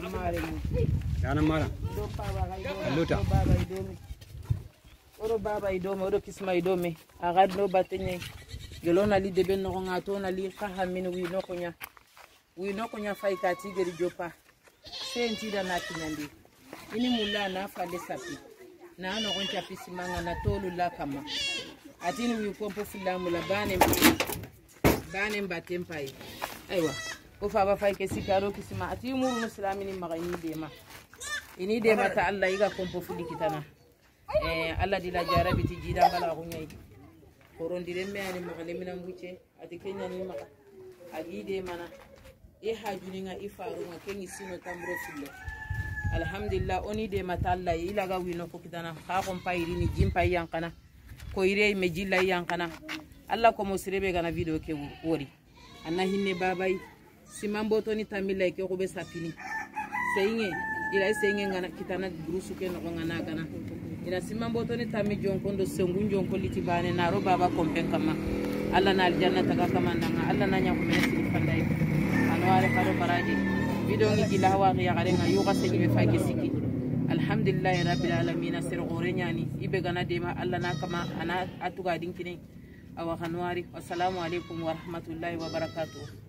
mare mum dana mara ɗo pawaay ɗo babay domi oɗo babay domi oɗo kismay domi agad no bateñay gelo nali debe nogoga to nali kahamin wino kuña wino kuña fay ka tigeri jopa sentida na kiñandi ini mulla na fale sapi na nogon capi simaga na tolu la kama atini wi kompo fulamula bane bane mbaten paye aywa ko fa ba fa ke si ki sima ati muru muslimin magani ma ini de e ta allah iga kompo fudi kitana eh allah dila jarabi ti jida bala ko kunyai korondire me ani magale mina mbuche ati kenya ni maka agi demana i e hajuninga i farunga kengi sino tamro fulle alhamdulillah oni de ta allah ilaga wino ko kitana ha ni jim jimpa yankana ko ire me jilla yankana allah ko mo sirebe gana video ke wori anna hinne babai siman botoni tamila ke go be seinge ila e e seinge ngana kitana gurusu ke no ngana kana ila e siman botoni tami jonkondo sengun jonko liti bane naro baba kompen kama alla na aljanna taga kama nanga alla na nya kuma siri fandai anware karo baraji bidongi gila hawa ya garenga yuga sejbe fagi siki alhamdulillahi rabbil alamin sir gorenyani ibe gana dema alla na kama ana atuga dinkine awa kanwari wassalamu alaikum warahmatullahi wabarakatuh